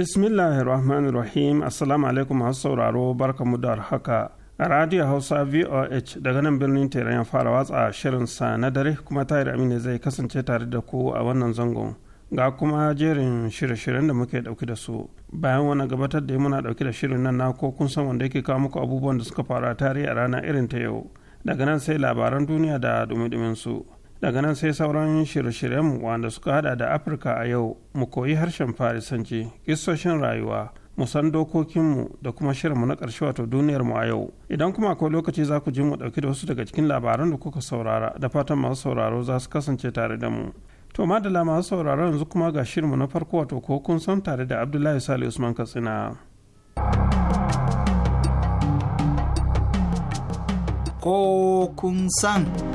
bismillahir rahmanir rahim assalamu alaikum masu sauraro barka mu da haka a radio hausa voh daga nan birnin teran ya fara watsa shirin sa na dare kuma tayar amina zai kasance tare da ku a wannan zangon ga kuma jerin shirye-shiryen da muke dauki da su bayan wani gabatar da muna dauki da shirin nan na ko kun san wanda yake kawo muku abubuwan da suka faru a tarihi a rana irin ta yau daga nan sai labaran duniya da dumi-dumin su daga nan sai sauran shirye-shiryen wanda suka hada da afirka a yau mu koyi harshen farisanci kisoshin rayuwa mu san dokokinmu da kuma shirinmu na ƙarshe wato duniyar mu a yau idan kuma akwai lokaci za ku ji mu ɗauki da wasu daga cikin labaran da kuka saurara da fatan masu sauraro za su kasance tare da mu to madala masu sauraro yanzu kuma ga shirinmu na farko wato ko kun san tare da abdullahi sali usman katsina ko kun san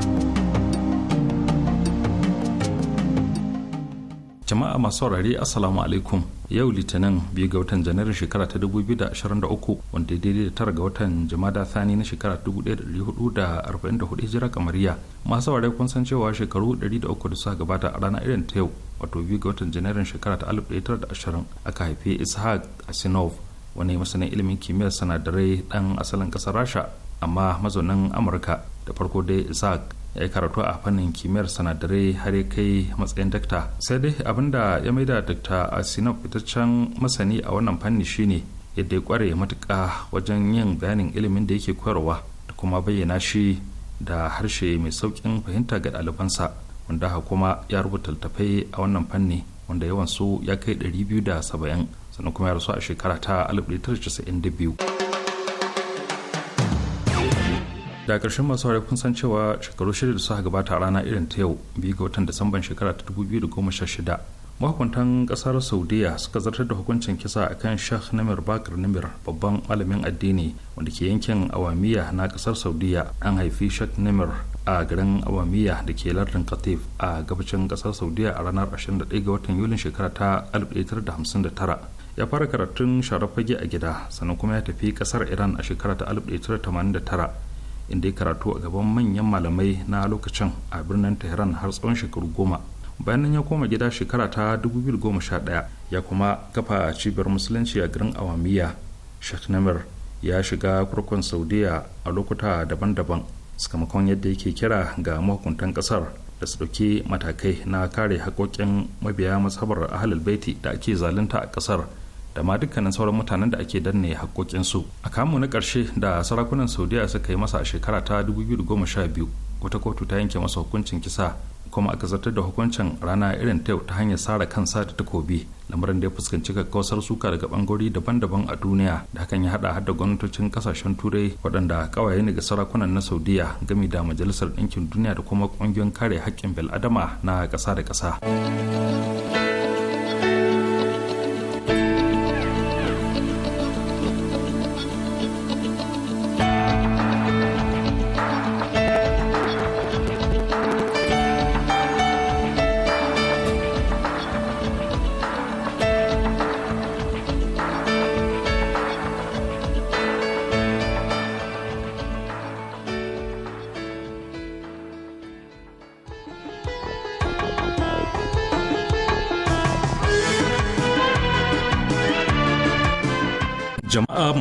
jama'a masu saurare assalamu alaikum yau litinin biyu ga watan janairu shekara ta 2023 wanda daidai da tara ga watan jama'a thani na shekara 1444 hijira kamariya masu saurare kun san cewa shekaru 300 da suka gabata a ranar irin ta yau wato biyu ga watan janairun shekara ta 1920 aka haife ishaq asinov wani masanin ilimin kimiyyar sanadarai dan asalin kasar rasha amma mazaunin amurka da farko dai ishaq ya karatu a fannin kimiyyar sanadarai har ya kai matsayin dakta sai dai abin da ya maida dakta a asinov fitaccen masani a wannan fanni shine yadda ya kware matuka wajen yin bayanin ilimin da yake koyarwa da kuma bayyana shi da harshe mai sauƙin fahimta ga ɗalibansa wanda haka kuma ya rubuta littattafai a wannan fanni wanda yawan su ya kai 270 sannan kuma ya rasu a shekara ta 1992 da ƙarshen masu haure kun san cewa shekaru shida da suka gabata a rana irin ta yau biyu ga watan disamban shekara ta 2016 mahukuntan ƙasar saudiya suka zartar da hukuncin kisa a kan shah namir bakar namir babban malamin addini wanda ke yankin awamiya na ƙasar saudiya an haifi shah namir a garin awamiya da ke lardin katif a gabacin ƙasar saudiya a ranar 21 ga watan yulin shekara ta 1959 ya fara karatun sharafage a gida sannan kuma ya tafi kasar iran a shekara ta 1989 inda ya karatu a gaban manyan malamai na lokacin a birnin tehran har tsawon shekaru goma bayan nan ya koma gida shekara ta 2011 ya kuma kafa cibiyar musulunci a garin awamiya sheikh namir ya shiga kurkun saudiya a lokuta daban-daban sakamakon yadda yake kira ga mahukuntan kasar da su ɗauki matakai na kare haƙoƙin mabiya mazhabar ahalul baiti da ake zalunta a kasar da ma dukkanin sauran mutanen da ake danne haƙoƙinsu a kamu na ƙarshe da sarakunan saudiya suka yi masa a shekara ta 2012 wata kotu ta yanke masa hukuncin kisa kuma aka zartar da hukuncin rana irin ta ta hanyar sara kansa da takobi lamarin da ya fuskanci kakkausar suka daga bangarori daban-daban a duniya da hakan ya hada da gwamnatocin kasashen turai waɗanda kawaye ne ga sarakunan na saudiya gami da majalisar ɗinkin duniya da kuma ƙungiyar kare haƙƙin bil'adama na ƙasa da ƙasa.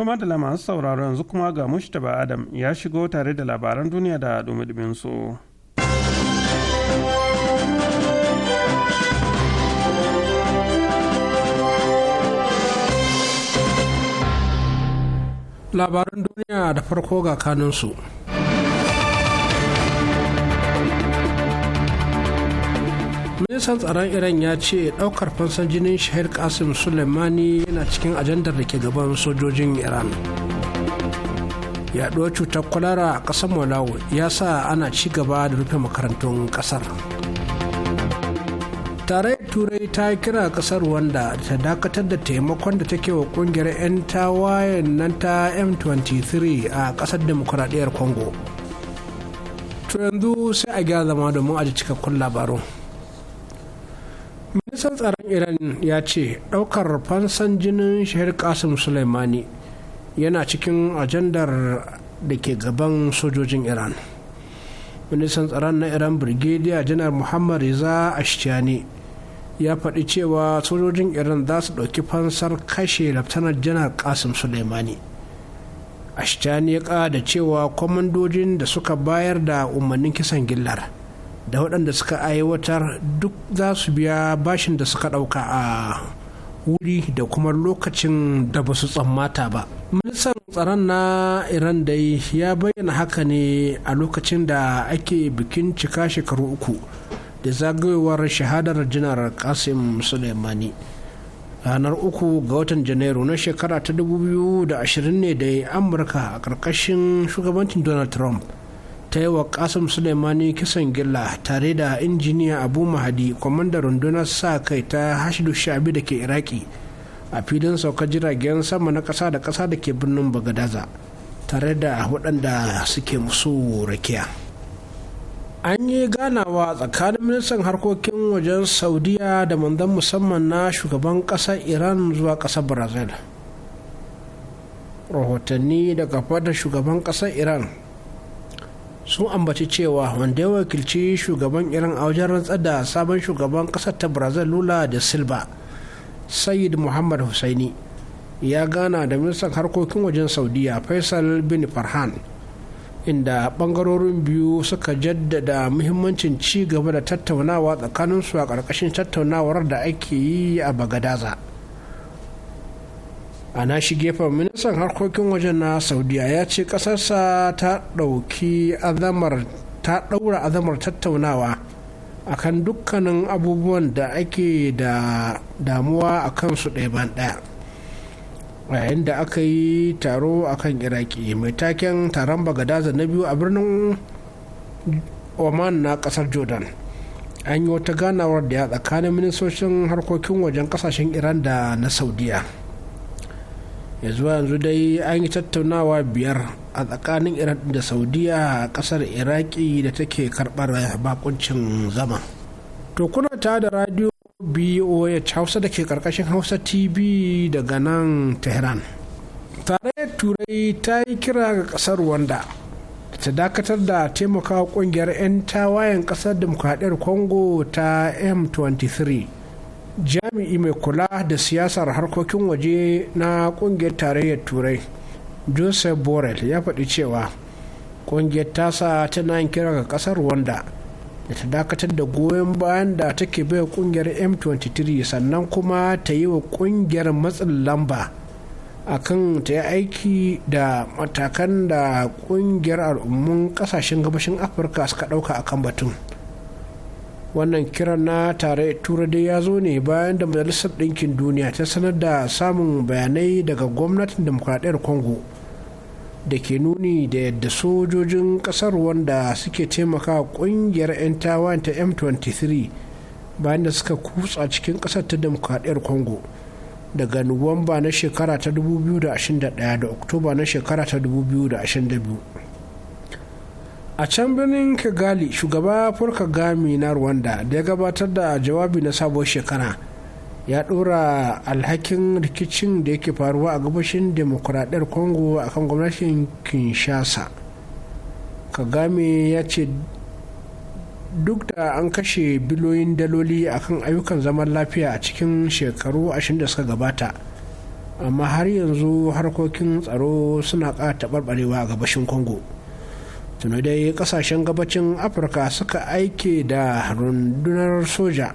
To madala masu sauraro yanzu kuma ga Mustapha Adam ya shigo tare da labaran duniya da dumidumin su. Labaran duniya da farko ga kanunsu. ministan tsaron iran ya ce daukar fansan jinin shahir kasim suleimani yana cikin ajandar da ke gaban sojojin iran yaduwar cutar kwalara a kasar malawi ya sa ana ci gaba da rufe makarantun kasar tare turai ta kira kasar wanda ta dakatar da taimakon da take wa kungiyar 'yan tawayen nan ta m23 a kasar demokuraɗiyar congo to yanzu sai a gyara zama domin a ji cikakkun labarun. ministan tsaron iran ya ce ɗaukar fansan jinin shahir kasim suleimani yana cikin ajandar da ke gaban sojojin iran ministan tsaron na iran brigadier janar muhammad riza ashtiani ya faɗi cewa sojojin iran za su ɗauki fansar kashe laftanar janar kasim suleimani ashtiani ya ƙada cewa kwamandojin da suka bayar da umarnin kisan gillar da waɗanda suka aiwatar duk za su biya bashin da suka ɗauka a wuri da kuma lokacin da ba su tsammata ba. Ministan tsaron na Iran dai ya bayyana haka ne a lokacin da ake bikin cika shekaru uku da zagayowar shahadar janar Kasim Suleimani. ranar uku ga watan janairu na shekara ta 2020 ne da amurka a ƙarƙashin shugabancin donald trump ta yi wa kasim suleimani kisan gilla tare da injiniya abu mahadi kwamandan rundunar sa kai ta hashidu shabi da ke iraki a filin saukar jiragen sama na kasa da kasa da ke birnin bagadaza tare da waɗanda suke musu rakiya an yi ganawa tsakanin ministan harkokin wajen saudiya da mandan musamman na shugaban ƙasar iran zuwa ƙasar brazil rahotanni daga fadar shugaban ƙasar iran sun ambaci cewa wanda ya wakilci shugaban iran a wajen rantsar da sabon shugaban kasar ta brazil lula da silba sayid muhammad husaini ya gana da ministan harkokin wajen saudiya faisal bin farhan inda bangarorin biyu suka jaddada muhimmancin ci gaba da tattaunawa tsakaninsu a ƙarƙashin tattaunawar da ake yi a bagadaza. a nashi gefen ministan harkokin wajen na saudiya ya ce kasarsa ta ɗauki azamar ta ɗaura azamar tattaunawa a kan dukkanin abubuwan da ake da damuwa a kansu ɗaya ban ɗaya yayin da aka yi taro a kan iraki mai taken taron bagadaza na biyu a birnin oman na ƙasar jordan an yi wata ganawar da ya tsakanin ministocin harkokin wajen ƙasashen iran da na saudiya ya zuwa yanzu dai an yi tattaunawa biyar a tsakanin iran da saudiya a kasar iraki da take karbar bakuncin zama to kuna ta da radio boh hausa da ke karkashin hausa tv daga nan tehran Tare turai ta yi kira ga kasar wanda ta dakatar da taimakawa kungiyar 'yan tawayen kasar demokradiyyar congo ta m23 jami'i mai kula da siyasar harkokin waje na kungiyar tarayyar turai joseph borrell ya faɗi cewa kungiyar tasa tana yin kira ga ƙasar rwanda da ta dakatar da goyon bayan da take baiwa kungiyar m23 sannan kuma ta yi wa kungiyar matsin lamba akan ta yi aiki da matakan da kungiyar al'ummun kasashen gabashin afirka suka ɗauka a kan batun wannan kiran na tare tura dai ya zo ne bayan da majalisar ɗinkin duniya ta sanar da samun bayanai daga gwamnatin demokuraɗiyar congo da ke nuni da yadda sojojin ƙasar wanda suke taimaka ƙungiyar 'yan tawayen ta m23 bayan da suka kutsa cikin ƙasar ta demokuraɗiyar congo daga nuwamba na shekara ta 2021 da oktoba na shekara ta 2022 a can birnin kigali shugaba paul kagame na rwanda da ya gabatar da jawabi na sabuwar shekara ya dora alhakin rikicin da yake faruwa a gabashin demokuraɗiyar congo a kan gwamnatin kinshasa kagame ya ce duk da an kashe biloyin daloli a kan ayyukan zaman lafiya a cikin shekaru ashirin da suka gabata amma har yanzu harkokin tsaro suna ƙara taɓarɓarewa a gabashin congo tuni dai kasashen gabacin afirka suka aike da rundunar soja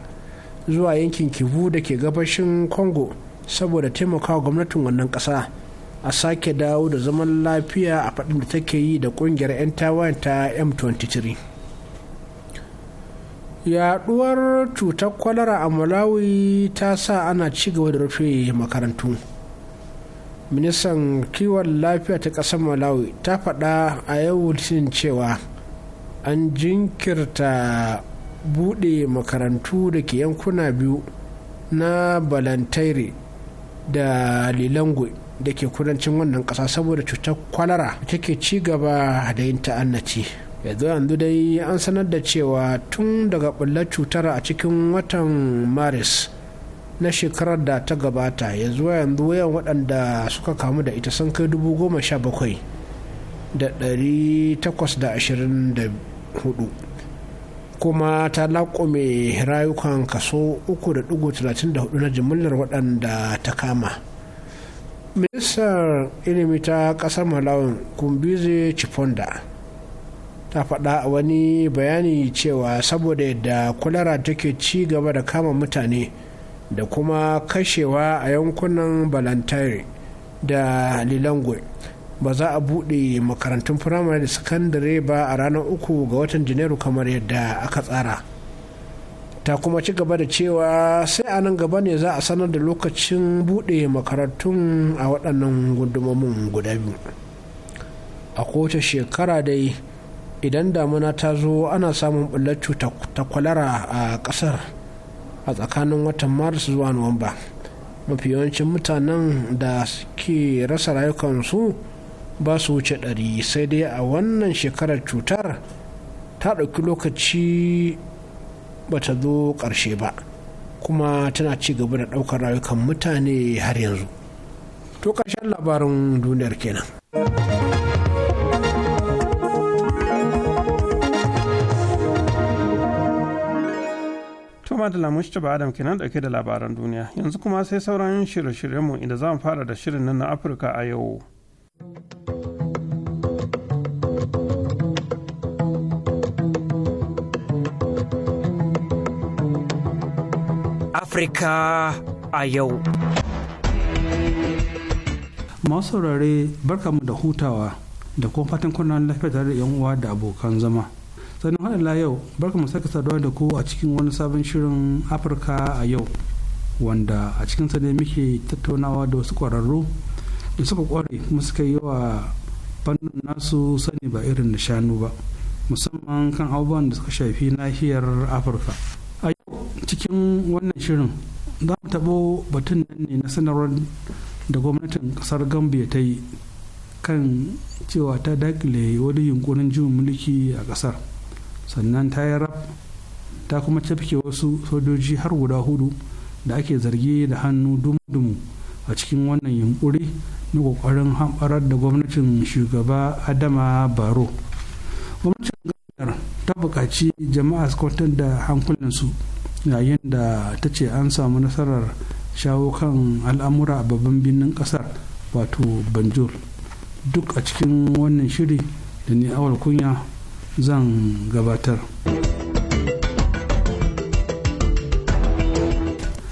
zuwa yankin kivu da ke gabashin congo saboda taimakawa gwamnatin wannan kasa a sake dawo da zaman lafiya a faɗin da take yi da ƙungiyar 'yan tawayen ta m23 yaɗuwar cutar kwalara a malawi ta sa ana cigaba da rufe makarantu ministan kiwon lafiya ta ƙasar malawi ta faɗa a yau litinin cewa an jinkirta buɗe makarantu da ke yankuna biyu na balantaire da lilangwe da ke kudancin wannan ƙasa saboda cutar kwalara take ci gaba da yin ta'annaci yanzu yanzu dai an sanar da cewa tun daga ɓullar cutar a cikin watan maris na shekarar da ta gabata ya zuwa yanzu wayan waɗanda suka kamu da ita sun kai dubu goma sha bakwai da ɗari takwas da ashirin da hudu kuma ta laƙume rayukan kaso 3.34 na jimillar waɗanda ta kama ministan ilimi ta ƙasar malawin kumbize chiponda ta faɗa a wani bayani cewa saboda yadda kwalara take ci gaba da kama mutane da kuma kashewa a yankunan balantare da lilangwe ba za a buɗe makarantun firamare da sakandare ba a ranar uku ga watan janairu kamar yadda aka tsara ta kuma ci gaba da cewa sai a nan gaba ne za a sanar da lokacin buɗe makarantun a waɗannan gundumomin guda biyu a kowace shekara dai idan damuna ta zo ana samun ɓullar cuta ta kwalara a ƙasar a tsakanin watan maris zuwa nuwamba mafi yawancin mutanen da ke rasa rayukansu ba su wuce ɗari sai dai a wannan shekarar cutar ta ɗauki lokaci ba ta zo ƙarshe ba kuma tana ci gaba da ɗaukar rayukan mutane har yanzu to ƙarshen labarin duniyar kenan. Muhammad Lamushta Adam kenan dauke da labaran duniya yanzu kuma sai sauran shirye-shiryenmu inda za mu fara da shirin nan na Afirka a yau. Afirka a yau. Masu saurare barkamu da hutawa da kuma fatan kunan lafiya tare da 'yan uwa da abokan zama. sannan har la yau barka mu sake saduwa da ku a cikin wani sabon shirin afirka a yau wanda a cikin sa ne muke tattaunawa da wasu kwararru da suka kware kuma suka yi wa fannin nasu sani ba irin da shanu ba musamman kan abubuwan da suka shafi nahiyar afirka a yau cikin wannan shirin za mu taɓo batun nan ne na sanarwar da gwamnatin ƙasar gambia ta yi kan cewa ta dakile wani yunkurin jin mulki a ƙasar sannan ta yi rab ta kuma cafke wasu sojoji har guda hudu da ake zargi da hannu dumu-dumu a cikin wannan yunkuri na kokarin hamɓarar da gwamnatin shugaba adama baro gwamnatin gajiyar ta buƙaci jama'a su kwantar da hankulinsu yayin da ta ce an samu nasarar shawo kan al'amura a babban birnin ƙasar wato banjul duk a cikin wannan shiri da ni awal kunya zan gabatar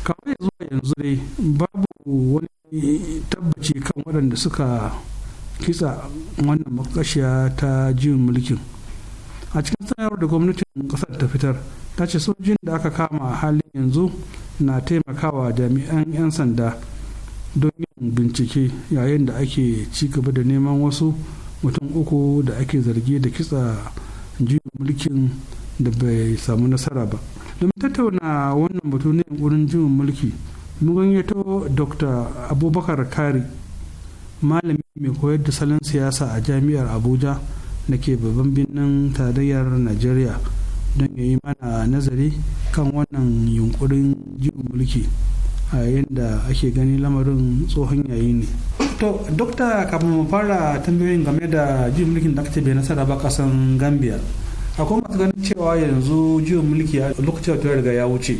kawai zuwa yanzu dai babu wani tabbaci kan waɗanda suka kisa wannan makashiya ta jin mulkin a cikin sanarwar da gwamnatin ƙasar ta fitar ta ce sojin da aka kama a halin yanzu na taimakawa jami'an 'yan sanda don yin bincike yayin da ake ci gaba da neman wasu mutum uku da ake zargi da kitsa juyin mulkin da bai samu nasara ba domin tattauna wannan batu ne wurin juyin mulki mun gayyato dr abubakar kari malami mai koyar da salon siyasa a jami'ar abuja da ke babban birnin tarayyar najeriya don ya yi mana nazari kan wannan yunkurin juyin mulki a yayin da ake gani lamarin tsohon yayi ne to dokta kafin mu fara tambayoyin game da juyin mulkin da aka ce bai nasara ba kasan gambia akwai masu ganin cewa yanzu juyin mulki a lokacin da riga ya wuce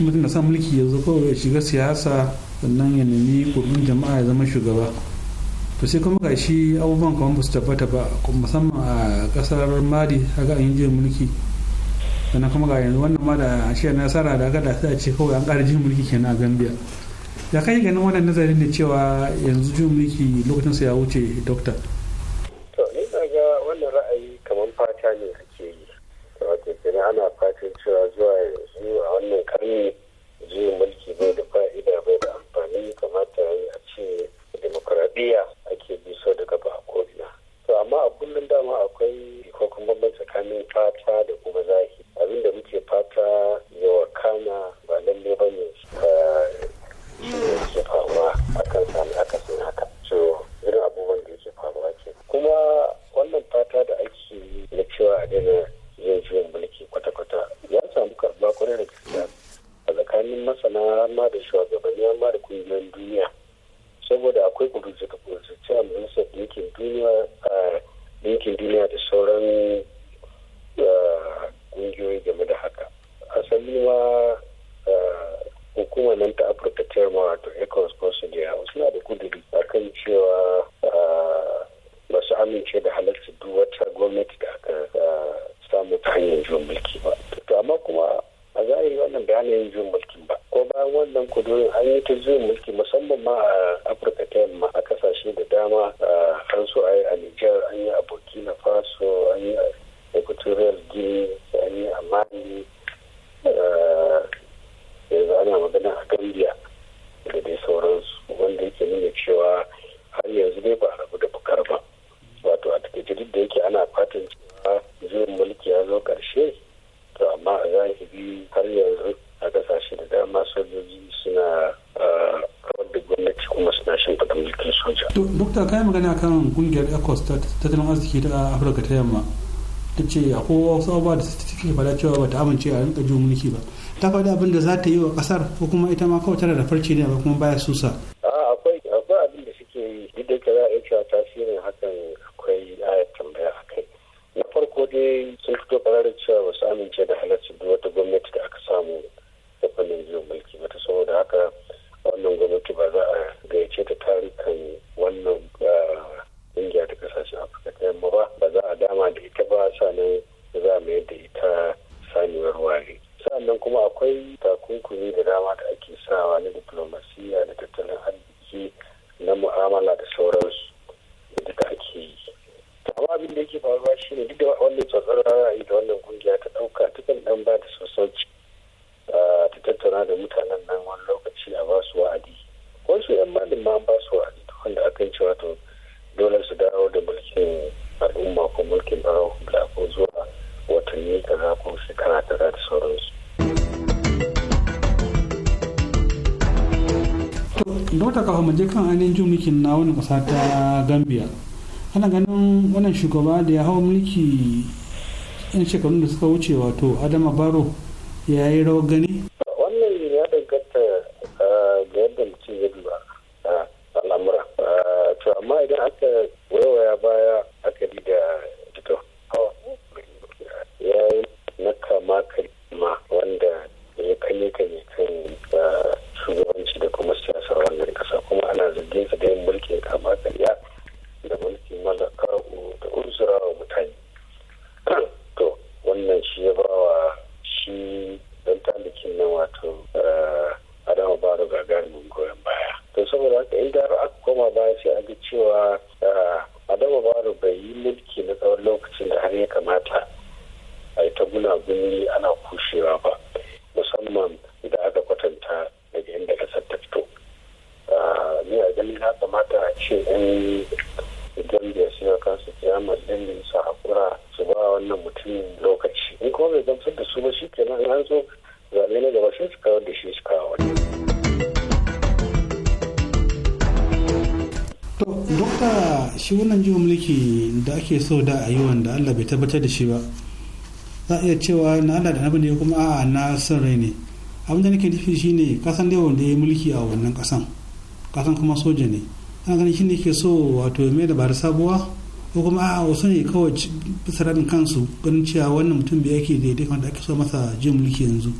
mutum da san mulki yanzu kawai ya shiga siyasa sannan ya nemi kurbin jama'a ya zama shugaba to sai kuma gashi abubuwan kamar ba su tabbata ba musamman a kasar mali haka an yi juyin mulki sannan kuma ga yanzu wannan ma da ashe nasara da aka da sai a ce kawai an ƙara juyin mulki kenan a gambia ya kai ganin wannan nazarin da cewa yanzu jin miki lokacin sa ya wuce dokta dokta kayan magana kan kungiyar ecos ta tattalin arziki ta afirka ta yamma ta ce a kowa wasu abubuwa da suke fada cewa ba ta amince a rinka jin mulki ba ta faɗi abin da za ta yi wa ƙasar ko kuma ita ma kawai tana da farce ne ba kuma baya susa mu je kan ainihin jin mulkin na wani kasa ta gambia ana ganin wannan shugaba da ya hau mulki yan shekarun da suka wuce wato adama baro ya yi rawar gani ake so da a yi wanda Allah bai tabbatar da shi ba za a iya cewa na Allah da nabi ne kuma a'a na son rai ne abin da nake nufi shine kasan da wanda ya mulki a wannan kasan kasan kuma soja ne ana ganin shine ke so wato mai da bari sabuwa ko kuma a'a wasu ne kawai bisa kansu ganin cewa wannan mutum bai yake daidai kan da ake so masa jin mulki yanzu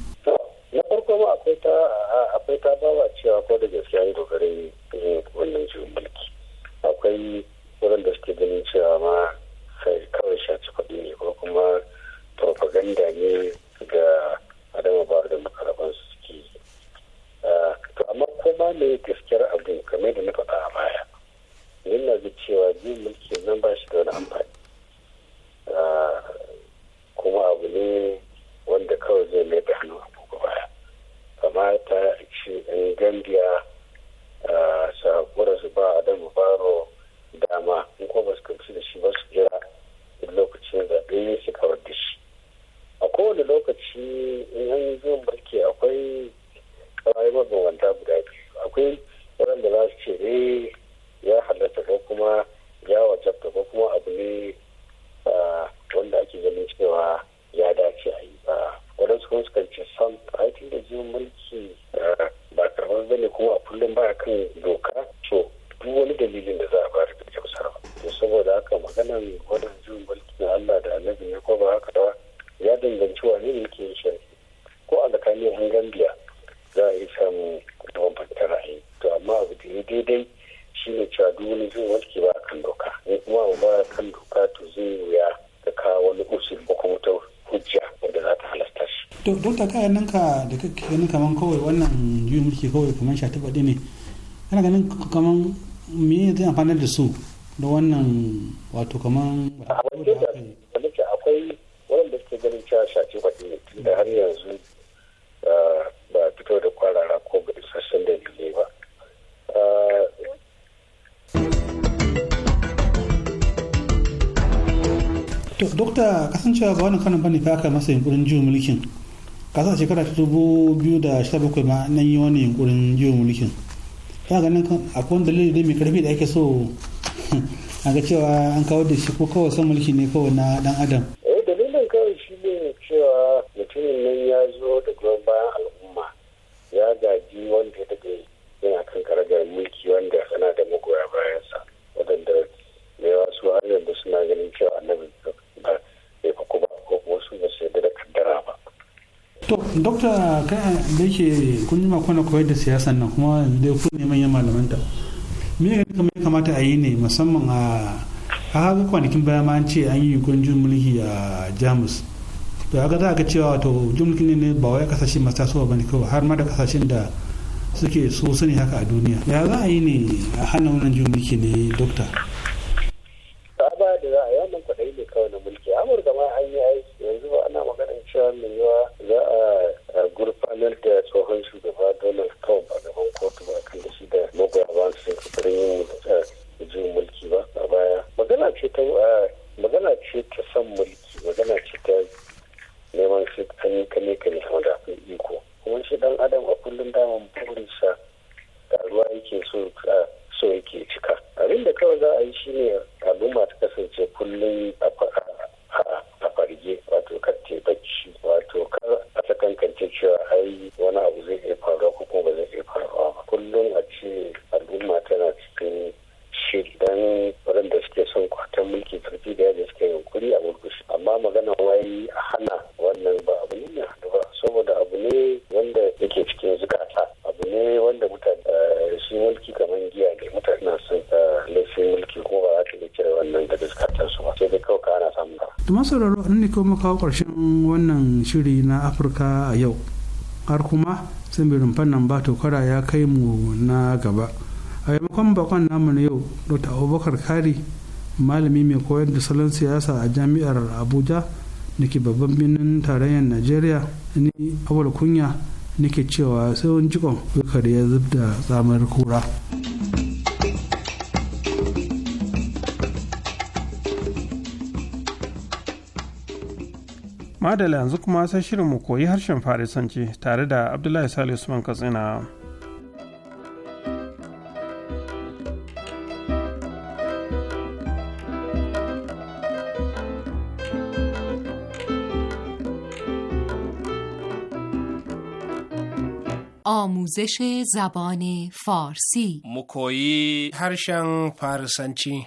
wata kayan nan ka da kake ganin kaman kawai wannan yi mulki kawai kaman sha ne kana ganin kaman me zai amfanar da su da wannan wato kaman a wajen da akwai har ba fito da ko ga dalilai ba ah, to dokta kasancewa ba wani kanan bane fa aka masa yunkurin juyin mulkin kasa shekara ta dubu biyu da sha bakwai ma nan yi wani yunkurin juyin mulkin ta ganin akwai wani dalili mai karfi da ake so a ga cewa an kawo da shi ko kawai son mulki ne kawai na dan adam to dokta da yake kun yi makon koyar da siyasan nan kuma dai ku ne manyan malamanta me ya kama ya kamata a yi ne musamman a haka kwanakin baya ma an ce an yi yunkurin jin mulki a jamus to haka za a ga cewa to jin mulki ne ba wai kasashe masu tasowa ba ne kawai har ma da kasashen da suke so ne haka a duniya ya za a yi ne a hannun wannan jin mulki ne dokta ne kuma kawo ƙarshen wannan shiri na afirka a yau har kuma tsibirin fannin ba tokara ya kai mu na gaba a yamakon bakon namu na yau dr abubakar kari malami mai koyar da salon siyasa a jami'ar abuja da ke babban birnin tarayyar najeriya ni awal kunya nake cewa sai wani jikon ya zub da tsamar kura. madala yanzu kuma sai shirin mu koyi harshen farisanci tare da abdullahi salisu usman katsina آموزش زبان فارسی مکویی هرشن فارسنچی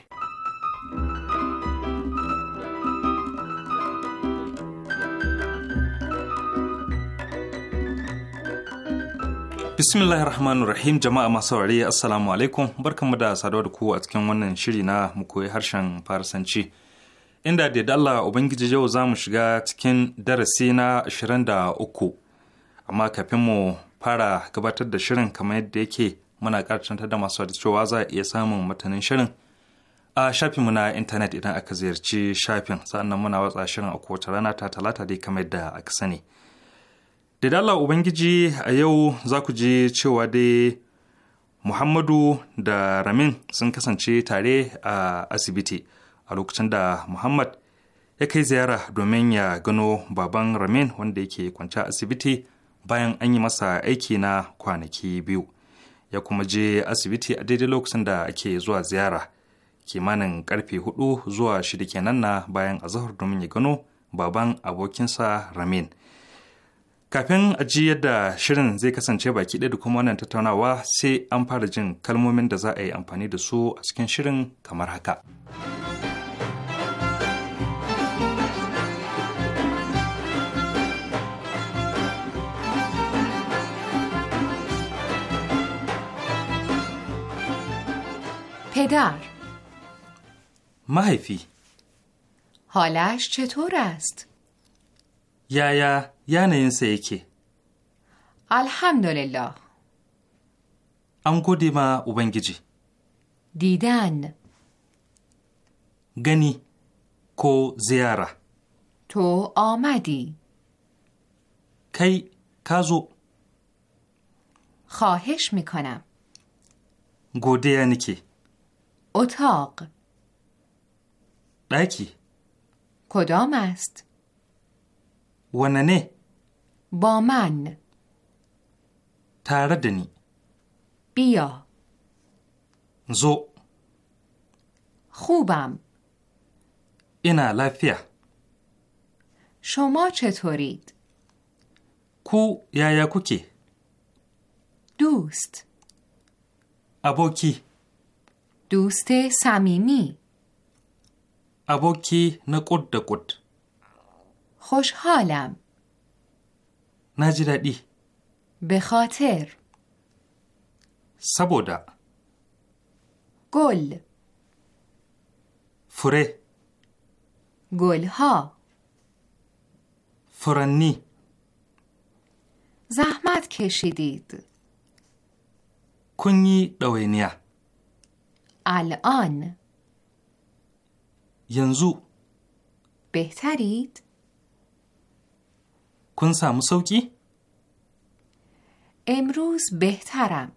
rahman rahim jama'a masu saurare assalamu alaikum barkanmu da saduwa da ku a cikin wannan shiri na mu koyi harshen Farsanci. Inda da Allah Ubangiji yau za mu shiga cikin darasi na da uku amma kafin mu fara gabatar da shirin kamar yadda yake muna karatantar da masu cewa za a iya samun matanin shirin a shafinmu na intanet idan aka ziyarci shafin sannan muna watsa shirin a kowace rana ta talata dai kamar yadda aka sani. da dala ubangiji a yau za ku ji cewa dai muhammadu da ramin sun kasance tare a asibiti a lokacin da muhammad ya kai ziyara domin ya gano baban ramin wanda yake kwanci asibiti bayan an yi masa aiki na kwanaki biyu ya kuma je asibiti a daidai lokacin da ake zuwa ziyara kimanin karfe hudu zuwa shida kenan na bayan azahar domin ya gano baban abokinsa ramin Kafin aji yadda shirin zai kasance baki ɗaya da kuma wannan tattaunawa sai an fara jin kalmomin da za a yi amfani da su a cikin shirin kamar haka. پدر mahaifi. حالش چطور است؟ یا یعنی این سه اکی الحمدلله ام گو دیمه اوبنگی جی دیدن گنی کو زیاره تو آمدی که خواهش میکنم گو دیمه اکی اتاق کدام است وننه با من تردنی بیا زو خوبم اینا لافیه شما چطورید؟ کو یا یا کوکی دوست ابو کی دوست صمیمی کی نکود دکود خوشحالم نجردی به خاطر سبودا گل فره گلها فرنی زحمت کشیدید کنی دوینیا الان ینزو بهترید kun samu sauƙi? Emrus behtaram.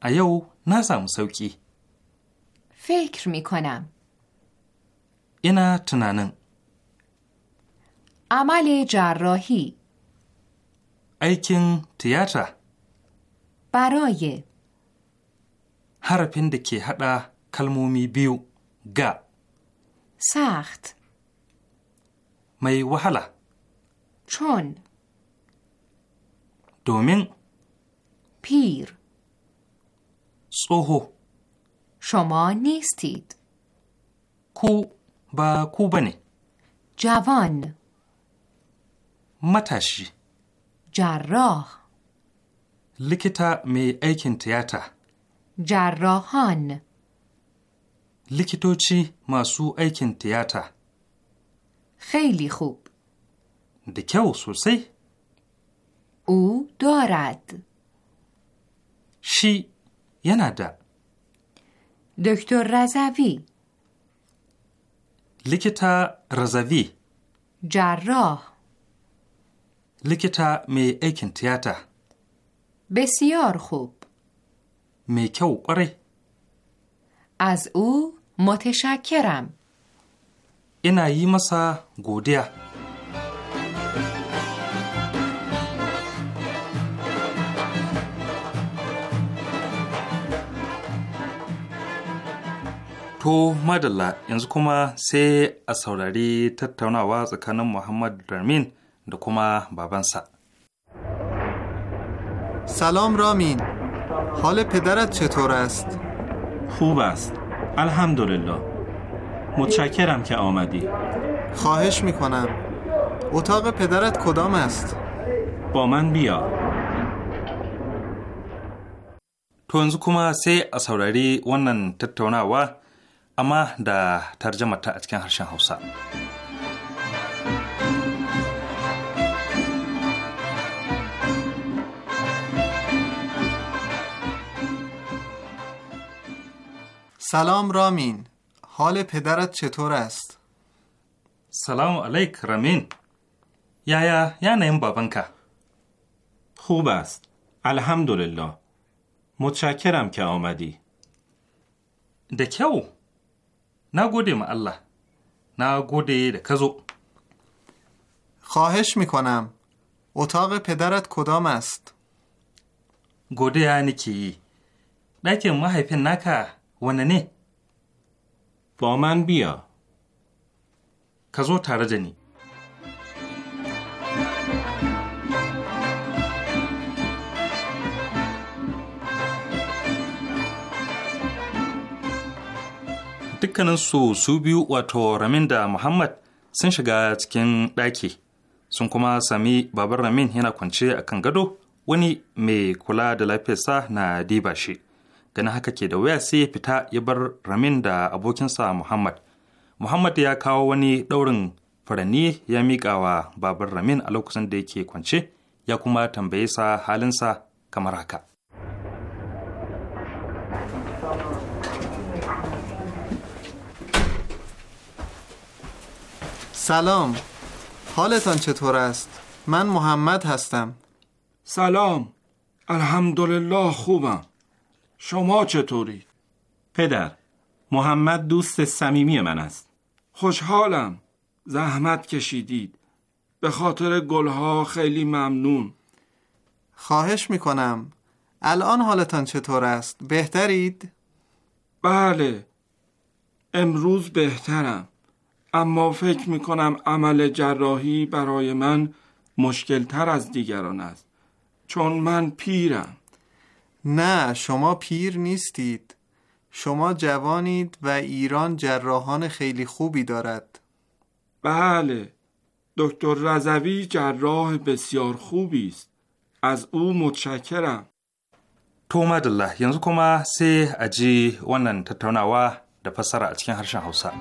A yau na samu sauƙi. Fekr mikonam. Ina tunanin. Amale jarrohi. Aikin tiyata. Baroge. Harafin da ke haɗa kalmomi biyu ga. Sacht. Mai wahala. چون دومین پیر سوهو شما نیستید کو با کوبنه جوان متشی جراح لکتا می ایکن تیاتا جراحان لکتوچی ماسو ایکن تیاتا خیلی خوب د e kyau او دارد. شی یه نده؟ دکتر رزوی لکتا رزوی جراح لکتا می ایکن تیاتا بسیار خوب می او قره از او متشکرم اینا یی مسا To madalla yanzu kuma sai a saurari tattaunawa tsakanin Muhammad Darmin da kuma babansa. سلام رامین حال پدرت چطور است؟ خوب است الحمدلله متشکرم که آمدی خواهش میکنم اتاق پدرت کدام است؟ با من بیا تو انزو کما سه اصوراری ونن تتوناوا اما در ترجمه تا هر هرشن سلام رامین حال پدرت چطور است؟ سلام علیک رامین یا یا یا نیم که؟ خوب است الحمدلله متشکرم که آمدی او؟ na gode ma Allah na gode da ka خواهش میکنم اتاق پدرت کدام است؟ گوده یعنی کی؟ ما محیفین نکه وننه با من بیا کزو ترجنی dukkaninsu su biyu wato ramin da muhammad sun shiga cikin ɗaki sun kuma sami babar ramin yana kwance a kan gado wani mai kula da lafiyarsa na diba shi ganin haka ke da waya sai ya fita ya bar ramin da abokinsa muhammad muhammad ya kawo wani ɗaurin furanni ya miƙa wa babar ramin a lokacin da yake kwance ya kuma tambaye sa halinsa kamar haka سلام حالتان چطور است؟ من محمد هستم سلام الحمدلله خوبم شما چطورید؟ پدر محمد دوست صمیمی من است خوشحالم زحمت کشیدید به خاطر گلها خیلی ممنون خواهش میکنم الان حالتان چطور است؟ بهترید؟ بله امروز بهترم اما فکر می کنم عمل جراحی برای من مشکل تر از دیگران است چون من پیرم نه شما پیر نیستید شما جوانید و ایران جراحان خیلی خوبی دارد بله دکتر رزوی جراح بسیار خوبی است از او متشکرم تو الله ینزو کما سه اجی ونن تتوناوا و پسر اچکن هرشن حوصا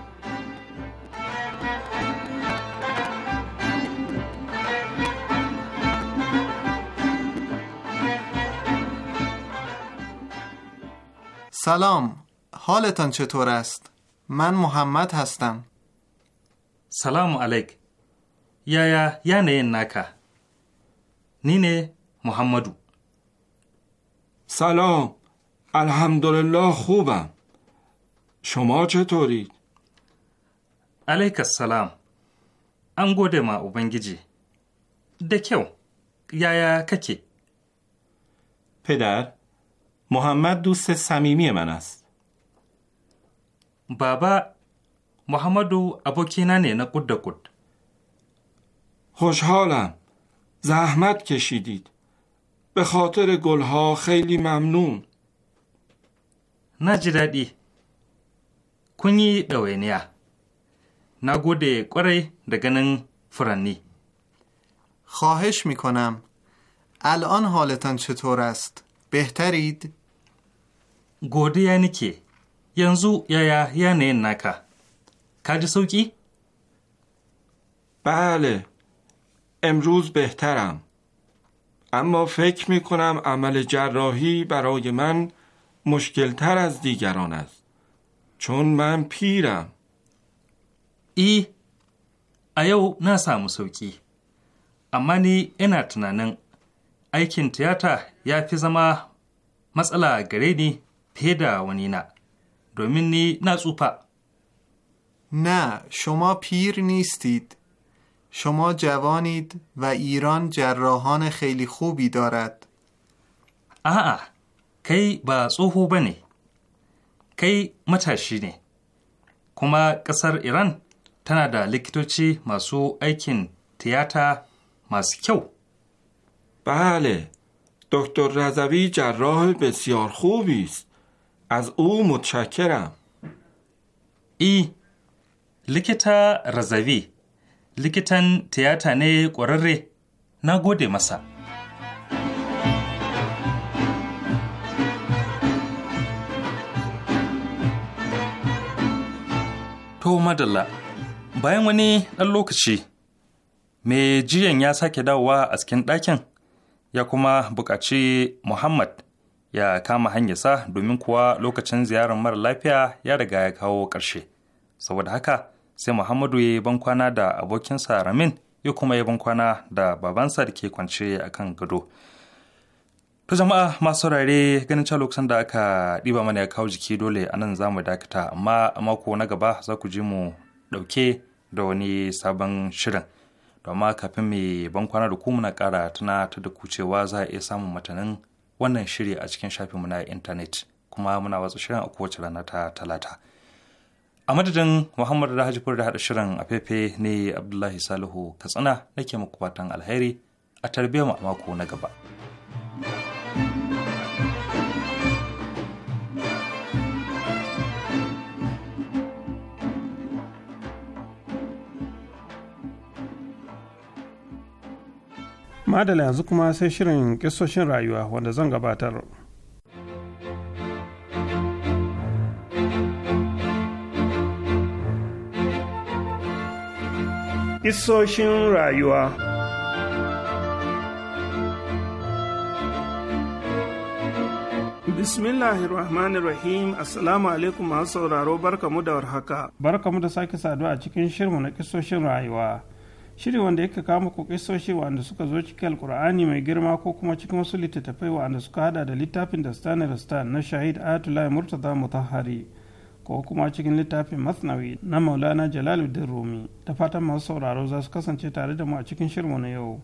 سلام حالتان چطور است؟ من محمد هستم سلام علیک یایا یعنی نکه نینه محمدو سلام الحمدلله خوبم شما چطورید؟ علیک السلام ام ما ما اوبنگیجی، دکیو، یا پدر محمد دوست صمیمی من است. بابا محمد و ابوکینا نه نه خوشحالم. زحمت کشیدید. به خاطر گلها خیلی ممنون. نجردی. کنی دوینیا. نگوده قره دگنن فرانی. خواهش میکنم. الان حالتان چطور است؟ بهترید؟ گرده یعنی که ینزو یا یا نه یعنی نکه کج سوکی؟ بله امروز بهترم اما فکر می کنم عمل جراحی برای من مشکلتر از دیگران است چون من پیرم ای ایو نه سامو سوکی اما نی اینا تنانن aikin tiyata ya fi zama matsala gare ni fiye da wani na, domin ni na tsufa. Na شما پیر نیستید شما جوانید و Iran جراحان خیلی خوبی دارد A'a, kai ba tsoho bane kai matashi ne kuma ƙasar iran tana da likitoci masu aikin tiyata masu kyau بله دکتر رضوی جراح بسیار خوبی است از او متشکرم ای likita razavi likitan tiyata ne ƙwararre na gode masa to madalla bayan wani ɗan lokaci me jiyan ya sake dawowa a cikin ɗakin ya kuma bukaci Muhammad ya kama hanyarsa domin kuwa lokacin ziyarar mara lafiya ya riga ya kawo ƙarshe. Saboda haka sai Muhammadu ya yi bankwana da abokinsa Ramin ya kuma yi bankwana da babansa da ke kwance a kan gado. ta jama'a masu saurare ganin cewa lokacin da aka ɗiba mana ya kawo jiki dole a nan za mu dakata amma mako na gaba za ku ji mu ɗauke da wani sabon shirin. amma kafin mai bankwana da ku muna kara ta da ku cewa za a iya samun matanin wannan shiri a cikin shafin mu na intanet kuma muna watsa shirin a kowace rana ta talata a madadin muhammadu da da haɗa shirin a fefe ne abdullahi salihu katsina nake muku fatan alheri a tarbiyyar mako na gaba. madala yanzu kuma sai shirin kisoshin rayuwa wanda zan gabatar Isoshin rayuwa Bismillahir Rahmanir Rahim Assalamu alaikum masu sauraro barkamu da warhaka. Barkamu da sake saduwa a cikin shirmu na kisoshin rayuwa. shiri wanda yake kawo muku kisoshi wanda suka zo cikin alkur'ani mai girma ko kuma cikin wasu littattafai wanda suka hada da littafin da stan stan na shahid ayatollah murtaza mutahari ko kuma cikin littafin masnawi na maulana jalaluddin rumi ta fatan masu sauraro za su kasance tare da mu a cikin shirmu na yau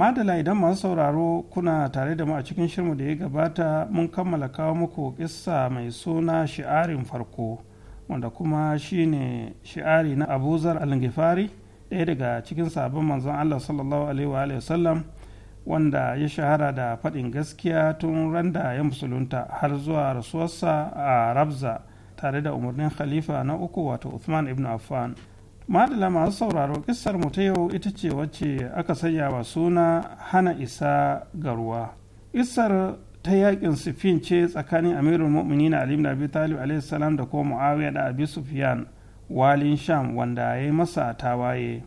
madala idan masu sauraro kuna tare da mu a cikin shirmu da ya gabata mun kammala kawo muku kissa mai suna shi'arin farko wanda kuma shine shi'ari na abuzar al-gifari ɗaya daga cikin sabon manzon allah sallallahu alaihi wa sallam wanda ya shahara da faɗin gaskiya tun ran da ya musulunta har zuwa rasuwarsa a rabza tare da umarnin khalifa na uku wato uthman ibn affan madala masu sauraro kisar mu ta yau ita ce wacce aka sanya wa suna hana isa ga ruwa isar ta yakin sifin ce tsakanin amirul mu'minin ali ibn abi talib da kuma muawiya da abi sufyan walin sham wanda ya yi masa tawaye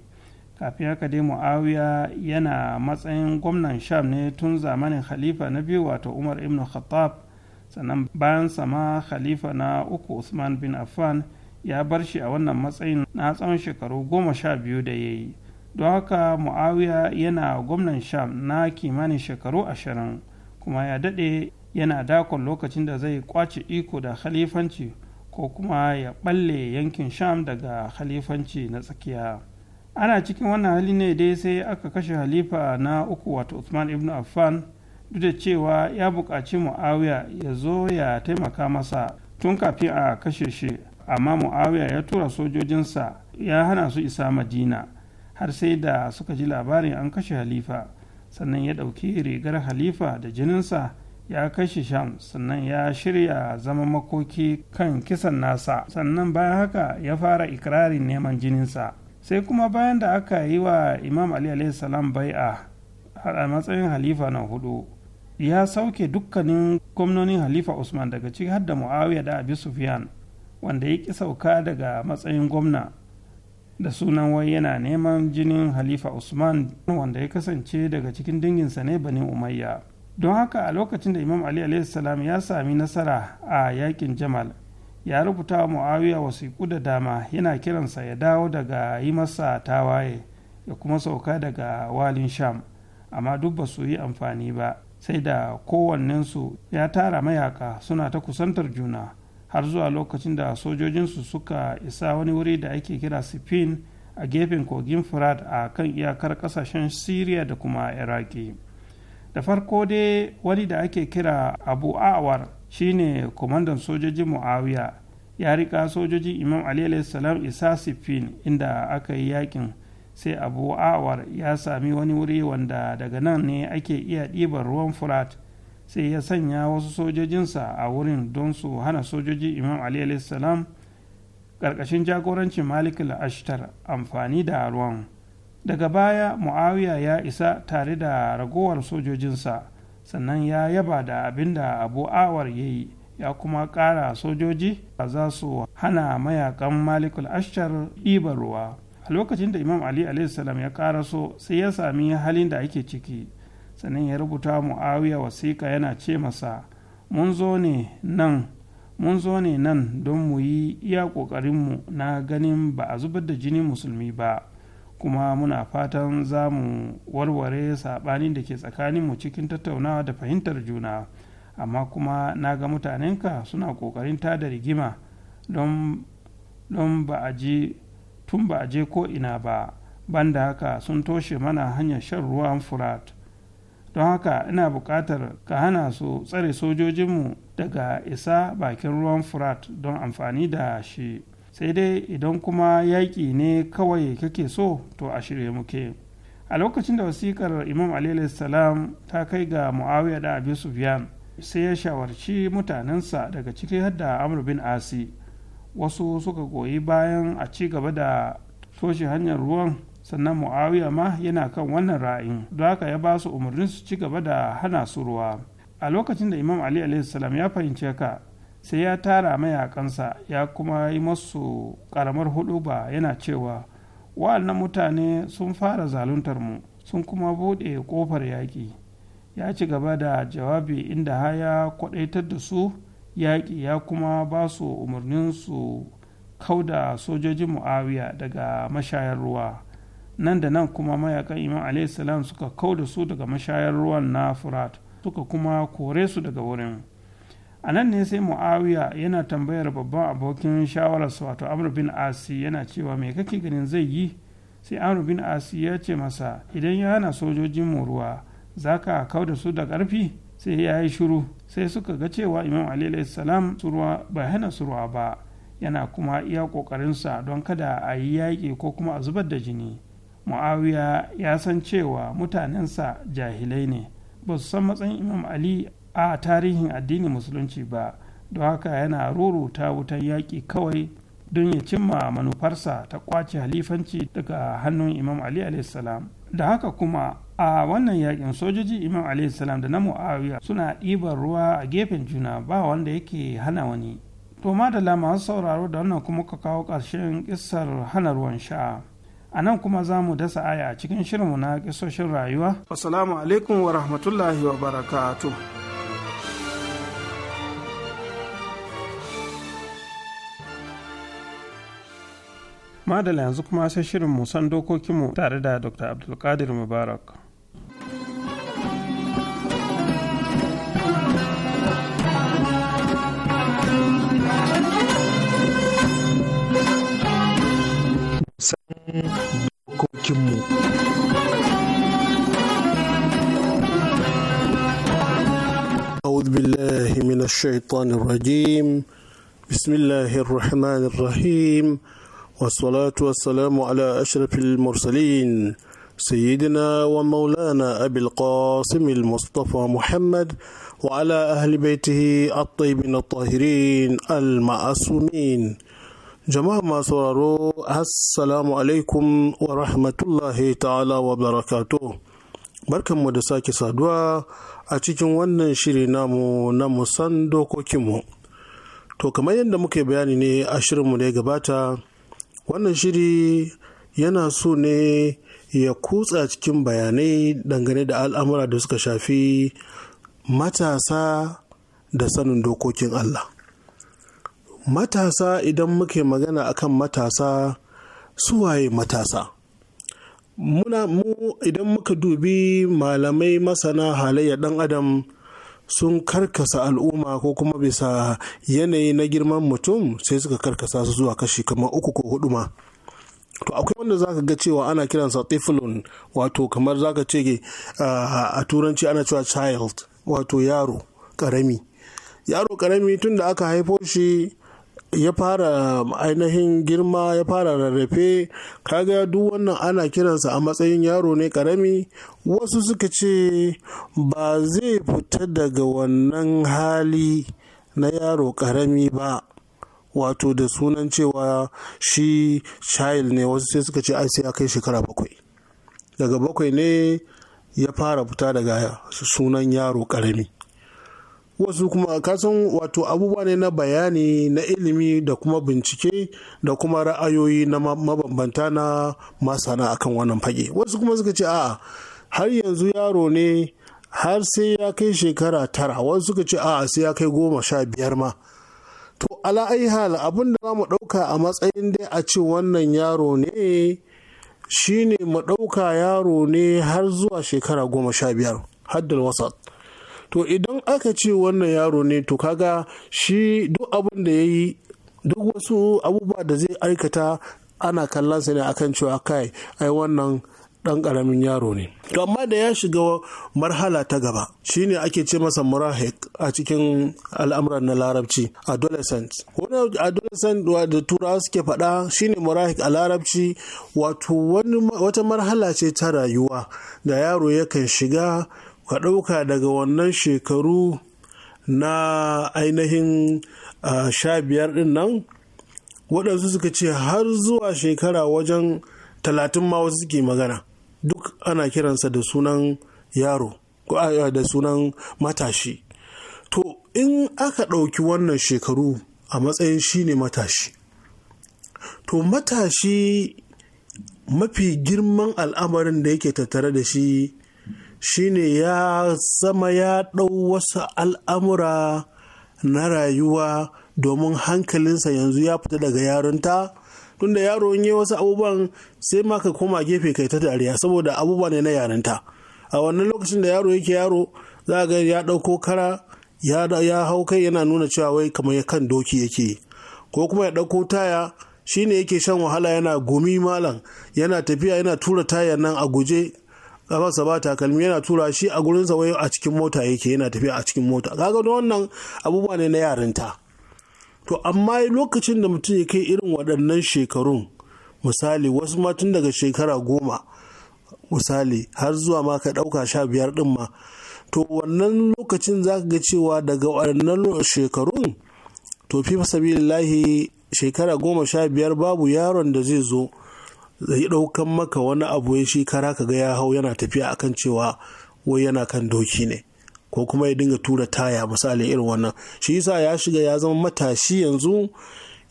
kafin haka dai muawiya yana matsayin gwamnan sham ne tun zamanin khalifa na biyu wato umar ibn khattab sannan bayan sama khalifa na uku usman bin affan ya bar shi a wannan matsayin na tsawon shekaru goma sha biyu da ya yi don haka muawiya yana gwamnan sham na kimanin shekaru ashirin kuma ya daɗe yana dakon lokacin da zai kwace iko da khalifanci ko kuma ya ɓalle yankin sham daga khalifanci na tsakiya ana cikin wannan hali ne dai sai aka kashe halifa na uku wato usman ibn affan duk da cewa ya buƙaci muawiya ya zo ya taimaka masa tun kafin a kashe shi amma muawiya ya tura sojojinsa ya hana su isa madina har sai da suka ji labarin an kashe halifa sannan ya ɗauki rigar halifa da jininsa ya kashe sham sannan ya shirya zama makoki kan kisan nasa sannan bayan haka ya fara ikirarin neman jininsa sai kuma bayan da aka yi wa imam ali salam bai'a a matsayin halifa na hudu ya sauke dukkanin gwamnonin halifa usman daga ciki har da muawiya da abi sufyan wanda ya ƙi sauka daga matsayin gwamna da sunan wai yana neman jinin halifa usman wanda ya kasance daga cikin danginsa ne bani umayya don haka a lokacin da imam ali salam ya sami nasara a yakin jamal ya rubuta wa muawiya wasiƙu da dama yana kiransa ya dawo daga yi masa tawaye ya kuma sauka daga walin sham amma duk ba su yi amfani ba sai da kowannensu ya tara mayaka suna ta kusantar juna har zuwa lokacin da sojojinsu suka isa wani wuri da ake kira sifin a gefen kogin Furat a kan iyakar kasashen syria da kuma Iraki. Da farko dai wani da ake kira Abu Awar shine kwamandan sojojin Muawiya ya rika sojojin Imam Ali salam isa Siffin inda aka yi yakin sai Abu Awar ya sami wani wuri wanda daga nan ne ake iya ɗiban ruwan Furat sai ya sanya wasu sojojinsa a wurin don su hana sojoji imam ali salam ƙarƙashin jagorancin malik ashtar amfani da ruwan daga baya muawiya ya isa tare da ragowar sojojinsa sannan ya yaba da abin da abu awar ya yi ya kuma ƙara sojoji ba za su hana mayakan al ashtar ɗibar ruwa a lokacin da imam ali salam ya ƙara so sai ya sami halin da ake ciki sannan ya rubuta mu'awiya wasiƙa yana ce masa mun zo ne nan mun zo ne nan don mu yi iya ƙoƙarinmu na ganin ba a zubar da jini musulmi ba kuma muna fatan za mu warware saɓanin da ke tsakaninmu cikin tattaunawa da fahimtar juna amma kuma na ga mutanenka suna ƙoƙarin da rigima don ba a je tun ba a je ko ina ba banda haka sun toshe mana hanyar shan ruwan furat don haka ina buƙatar ka hana su tsare sojojinmu daga isa bakin ruwan furat don amfani da shi sai dai idan kuma yaƙi ne kawai kake so to a shirye muke a lokacin da wasikar imam salam ta kai ga muawiya da abi sufyan sai ya shawarci mutanensa daga ciki har da amr asi wasu suka goyi bayan a ci gaba da toshe hanyar ruwan sannan muawiya ma yana kan wannan ra'ayin don haka ya ba su umarnin su ci gaba da hana su ruwa a lokacin da imam ali salam ya fahimci haka sai ya tara mayakansa ya kuma yi masu karamar ba yana cewa wa'annan mutane sun fara zaluntar mu sun kuma bude kofar yaƙi ya ci gaba da jawabi inda haya kwaɗaitar da su yaƙi ya kuma ba su umarnin su kauda sojojin mu'awiya daga mashayar ruwa nan da nan kuma mayakan imam alaihissalam suka kau da su daga mashayar ruwan na furat suka kuma kore su daga wurin a nan ne sai muawiya yana tambayar babban abokin shawararsa wato amr bin asi yana cewa me kake ganin zai yi sai amr bin asi ya ce masa idan ya hana sojojin mu ruwa za ka kau da su da ƙarfi sai ya yi shiru sai suka ga cewa imam ali salam surwa bai hana surwa ba yana kuma iya ƙoƙarinsa don kada a yi yaƙi ko kuma a zubar da jini muawiya ya san cewa mutanensa jahilai ne ba su san matsayin imam ali a tarihin addinin musulunci ba don haka yana ruruta wutan yaƙi kawai don ya cimma manufarsa ta kwace halifanci daga hannun imam ali salam da haka kuma a wannan yakin sojoji imam salam da na muawiya suna ɗibar ruwa a gefen juna ba wanda yake hana wani to ma da masu sauraro da wannan kuma ka kawo ƙarshen ƙisar hana ruwan sha'a a nan kuma za mu dasa aya a cikin shirinmu na kisoshin rayuwa assalamu alaikum wa rahmatullahi wa barakatu madala yanzu kuma sai shirin musan dokokinmu tare da dr abdulkadir mubarak أعوذ بالله من الشيطان الرجيم بسم الله الرحمن الرحيم والصلاة والسلام على أشرف المرسلين سيدنا ومولانا أبي القاسم المصطفى محمد وعلى أهل بيته الطيبين الطاهرين المعصومين جماعة ما السلام عليكم ورحمة الله تعالى وبركاته barkanmu da sake saduwa a cikin wannan shiri namu na musan dokokinmu to kamar yadda muka bayani ne a shirinmu da ya gabata wannan shiri yana so ne ya kutsa cikin bayanai dangane da al'amura da suka shafi matasa da sanin dokokin Allah matasa idan muke magana akan matasa suwaye matasa muna mu idan muka dubi malamai masana halayya dan adam sun karkasa al'umma ko kuma bisa yanayi na girman mutum sai suka karkasa su zuwa kashi kamar uku ko hudu ma to akwai wanda zaka ga cewa ana kiransa tiflun wato kamar zaka ce a turanci ana cewa child wato yaro karami yaro karami tun da aka haifo shi ya fara ainihin girma ya fara rarrafe kaga duk wannan ana kiransa a matsayin yaro ne karami wasu suka ce ba zai fita daga wannan hali na yaro karami ba wato da sunan cewa shi child ne wasu sai suka ce sai ya kai shekara bakwai daga bakwai ne ya fara fita daga sunan yaro karami wasu kuma kasan wato abubuwa ne na bayani na ilimi da kuma bincike da kuma ra'ayoyi na mabambanta na masana akan wannan fage wasu kuma suka ce a'a har yanzu yaro ne har sai ya kai shekara tara wasu suka ce a'a sai ya kai goma sha biyar ma to ala hal abin da za mu ɗauka a matsayin dai a ce wannan yaro ne shine mu ɗauka yaro ne har zuwa shekara goma sha biyar haddal wasat to idan aka ce wannan yaro ne to kaga shi duk abin da ya yi duk wasu abubuwa da zai aikata ana kallon sa ne akan cewa kai ai wannan dan karamin yaro ne to amma da ya shiga marhala ta gaba shine ake ce masa murahik a cikin al'amuran na larabci adolescent wani adolescent da turawa suke faɗa shine murahik a larabci wato wata marhala ce ta rayuwa da yaro yakan shiga ka ɗauka daga wannan shekaru na ainihin sha biyar ɗin nan waɗansu suka ce har zuwa shekara wajen talatin ma wasu suke magana duk ana kiransa da sunan yaro da sunan matashi to in aka ɗauki wannan shekaru a matsayin shi ne matashi to matashi mafi girman al'amarin da yake tattare da shi shine ya zama ya ɗau wasu al'amura na rayuwa domin hankalinsa yanzu ya fita daga yarinta tunda yaro in yi wasu abubuwan sai ma ka koma gefe kai ta dariya saboda abubuwa ne na yarinta a wannan lokacin da yaro yake yaro za ga ya ɗauko kara ya hau kai yana nuna cewa wai kamar kan doki yake ko kuma ya ɗauko taya shine yake shan wahala yana gumi malam yana tafiya yana tura taya nan a guje gabansa ba takalmi yana tura shi a gurinsa wai a cikin mota yake yana tafiya a cikin mota kaga don wannan abubuwa ne na yarinta to amma lokacin da mutum ya kai irin waɗannan shekarun misali wasu ma daga shekara goma misali har zuwa ma ka ɗauka sha biyar ɗin ma to wannan lokacin za ka ga cewa daga waɗannan shekarun to fi lahi shekara goma sha biyar babu yaron da zai zo zai ɗaukan maka wani abu ya shi kara ka ga ya hau yana tafiya akan cewa wai yana kan doki ne ko kuma ya dinga tura taya misali irin wannan shi yasa ya shiga ya zama matashi yanzu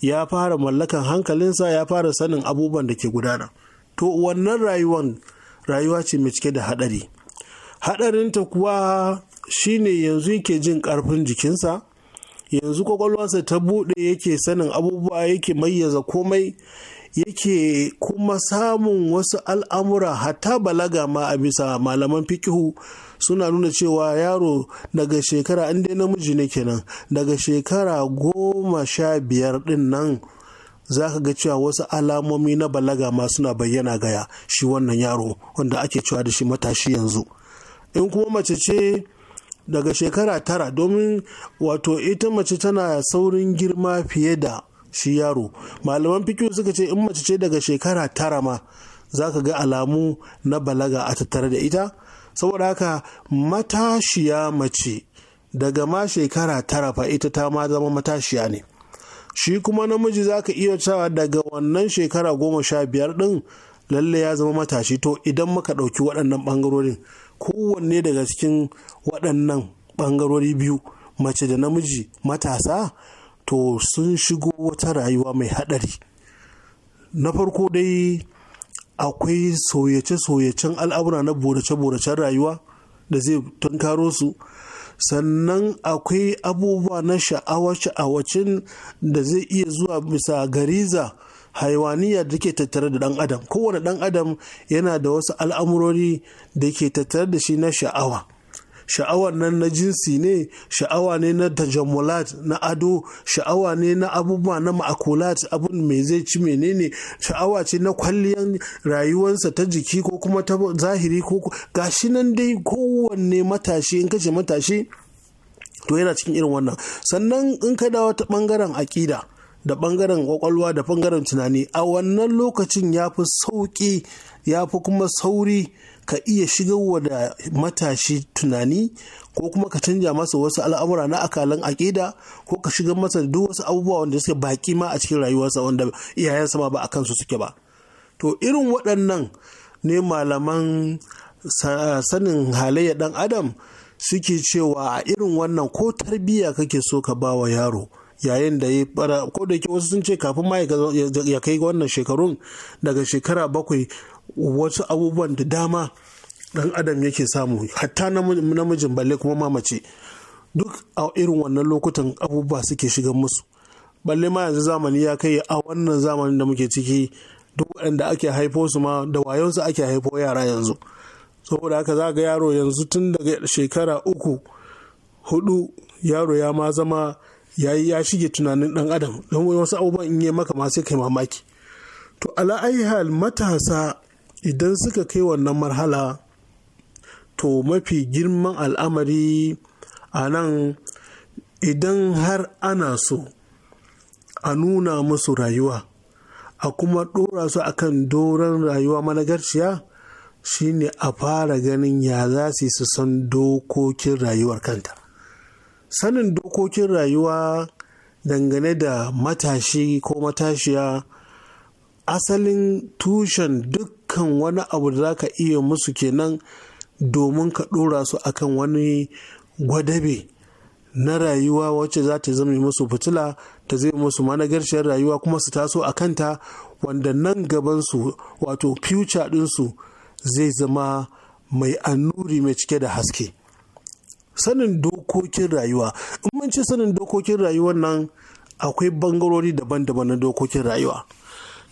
ya fara mallakan hankalinsa ya fara sanin abubuwan da ke gudana to wannan rayuwan rayuwa ce mai cike da haɗari haɗarinta kuwa shine yanzu yake jin karfin jikinsa yanzu kwakwalwarsa ta buɗe yake sanin abubuwa yake mayyaza komai yake kuma samun wasu al'amura hatta balaga ma a bisa malaman fikihu suna nuna cewa yaro daga shekara an dai namiji ne kenan daga shekara goma sha biyar din nan za ka ga cewa wasu alamomi na balaga ma suna bayyana gaya shi wannan yaro wanda ake cewa da shi matashi yanzu in kuma mace ce daga shekara tara domin wato ita mace tana saurin girma fiye da shi yaro malaman fikiyu suka ce in mace ce daga shekara tara ma za ka ga alamu na balaga a tattare da ita saboda haka matashiya mace daga ma shekara tara fa ita ta ma zama matashiya ne shi kuma namiji za ka iya cewa daga wannan shekara goma sha biyar ɗin lalle ya zama matashi to idan muka ɗauki waɗannan ɓangarorin kowanne daga cikin waɗannan ɓangarori biyu mace da namiji matasa to sun shigo wata rayuwa mai haɗari na farko dai akwai soyace-soyacen al'amura na borace-boracen rayuwa da zai tunkaro su sannan akwai abubuwa na sha'awace-awacin da zai iya zuwa bisa gariza haiwaniya da ke tattare da ɗan adam kowane ɗan adam yana da wasu al'amurori da ke tattare da shi na sha'awa sha'awar nan na jinsi ne sha'awa ne na tajammulat na ado sha'awa ne na abubuwa na ma'akulat abin mai zai ci menene sha'awa ce na kwalliyan rayuwarsa ta jiki ko kuma ta zahiri ko gashi nan dai kowanne matashi in kace matashi to yana cikin irin wannan sannan in ka dawo ta bangaren aƙida da bangaren kwakwalwa da bangaren tunani a wannan lokacin ya fi sauƙi ya fi kuma sauri ka iya shigarwa da matashi tunani ko kuma ka canja masa wasu al'amura na akalan aƙida ko ka shiga masa duk wasu abubuwa wanda suke baki ma a cikin rayuwarsa wanda iyayensa ma ba a kansu suke ba to irin waɗannan ne malaman sanin halayya ɗan adam suke cewa a irin wannan ko tarbiyya kake so ka ba wa yaro yayin da ya ko da wasu sun ce kafin ma ya kai wannan shekarun daga shekara bakwai wasu abubuwan da dama dan adam yake samu hatta namijin balle kuma mamace duk a irin wannan lokutan abubuwa suke shigan musu balle ma yanzu zamani ya kai a wannan zamanin da muke ciki duk waɗanda ake haifo su ma da wayonsu ake haifo yara yanzu saboda haka za ga yaro yanzu tun daga shekara uku hudu yaro ya ma zama ya ya shige tunanin dan adam don wasu abubuwan in yi maka ma sai kai mamaki to ala hal matasa idan suka kai wannan marhala to mafi girman al'amari a nan idan har ana so a nuna musu rayuwa a kuma ɗora su akan doron rayuwa managarciya shine a fara ganin ya za su su san dokokin rayuwar kanta sanin dokokin rayuwa dangane da matashi ko matashiya asalin tushen duk kan wani abu da za ka iya musu kenan domin ka ɗora su akan wani gwadabe na rayuwa wacce za ta zama musu fitila ta zai musu managarciyar rayuwa kuma su taso a kanta wanda nan gabansu wato future ɗinsu zai zama mai annuri mai cike da haske sanin dokokin rayuwa in mun ce sanin dokokin rayuwa nan akwai bangarori daban-daban na dokokin rayuwa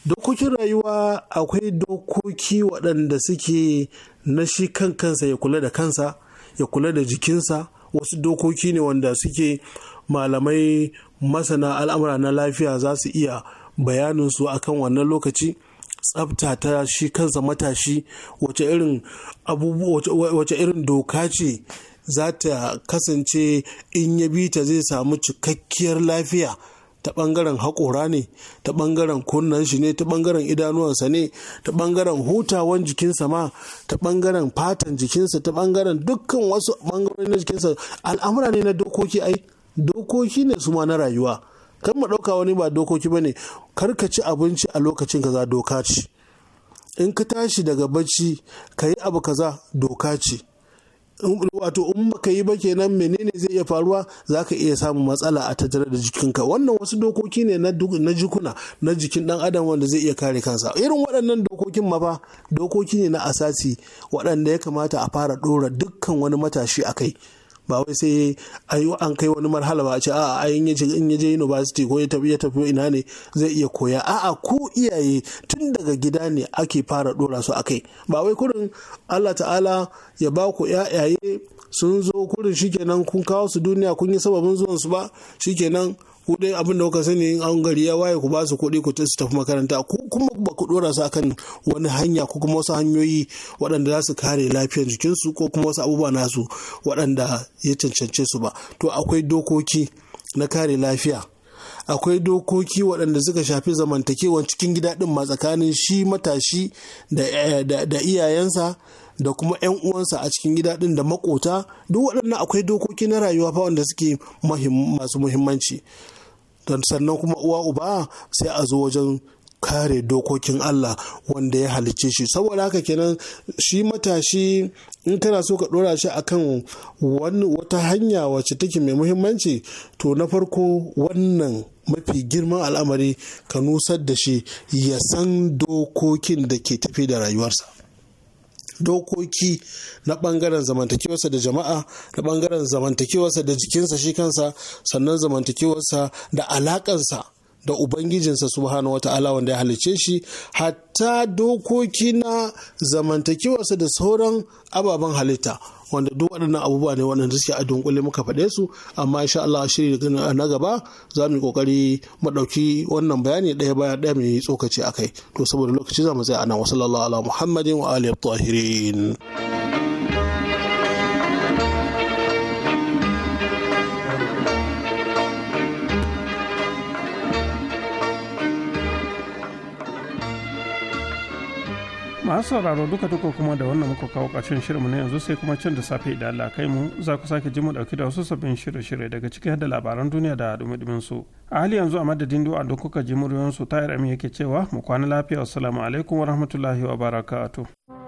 dokokin rayuwa akwai dokoki waɗanda suke na shi kan kansa ya kula da kansa ya kula da jikinsa wasu dokoki ne wanda suke malamai masana al'amura na lafiya za su iya bayaninsu akan wannan lokaci tsafta ta shi kansa matashi wace irin wace irin doka ce za ta kasance in ya bi ta zai samu cikakkiyar lafiya ta ɓangaren haƙora ne ta ɓangaren kunnan shi ne ta ɓangaren idanuwansa ne ta ɓangaren hutawan jikinsa ma ta ɓangaren fatan jikinsa ta ɓangaren dukkan wasu bangarori na jikinsa al'amura ne na dokoki ai dokoki ne su ma na rayuwa kan mu ɗauka wani ba dokoki ba ne kar ka ci abinci a lokacin kaza doka ce in ka tashi daga bacci ka yi abu kaza doka ce wato in baka yi ba kenan menene zai iya faruwa za ka iya samun matsala a tattare da jikinka wannan wasu dokoki ne na jikuna na jikin dan adam wanda zai iya kare kansa irin waɗannan dokokin ma fa dokoki ne na asasi waɗanda ya kamata a fara ɗora dukkan wani matashi a kai ba wai sai an kai wani marhala ba a ce a'a in ya in je university ko ya tafi ya tafi ina ne zai iya koya a'a ku iyaye tun daga gida ne ake fara dora su akai ba wai kurin Allah ta'ala ya ba ku yayaye sun zo kurin shikenan kun kawo su duniya kun yi sababin zuwan su ba shikenan ku abin da kuka sani in an gari ya waye ku ba su kuɗi ku su tafi makaranta kuma ba ku dora su akan wani hanya ko kuma wasu hanyoyi waɗanda za su kare lafiyar jikinsu ko kuma wasu abubuwa nasu waɗanda ya cancance su ba to akwai dokoki na kare lafiya akwai dokoki waɗanda suka shafi zamantakewan cikin gida ɗin ma tsakanin shi matashi da eh, iyayensa da kuma 'yan uwansa a cikin gida ɗin da makota duk waɗannan akwai dokoki na rayuwa fa wanda suke masu muhimmanci don sannan kuma uwa uba sai a zo wajen kare dokokin Allah wanda ya halicce shi saboda haka kenan shi matashi in kana so ka dora shi a kan wata hanya wacce take mai muhimmanci to na farko wannan mafi girman al'amari ka nusar da shi ya san dokokin da ke tafi da rayuwarsa dokoki na bangaren zamantakewarsa da jama'a na bangaren zamantakewarsa da jikinsa shi kansa sannan zamantakewarsa da alakansa da ubangijinsa subhanahu wata'ala wanda ya halicce shi hatta dokoki na zamantakewarsa da sauran ababen halitta wanda duk waɗannan abubuwa ne wannan suke a dunkule muka faɗe su amma insha Allah shiri na gaba za mu yi kokari mu ɗauki wannan bayani ɗaya bayan ɗaya mu yi tsokaci akai to saboda lokaci za mu tsaya a nan wa sallallahu ala muhammadin wa alihi tahirin masu sauraro duka duka kuma da wannan muka kawo ƙarshen shirinmu na yanzu sai kuma can da safe idan Allah kai mu za ku sake ji mu dauki da wasu sabbin shirye-shirye daga ciki da labaran duniya da dumudumin su a hali yanzu a madadin du'a da kuka ji muryoyin su tayar amin yake cewa mu kwana lafiya assalamu alaikum wa rahmatullahi wa barakatuh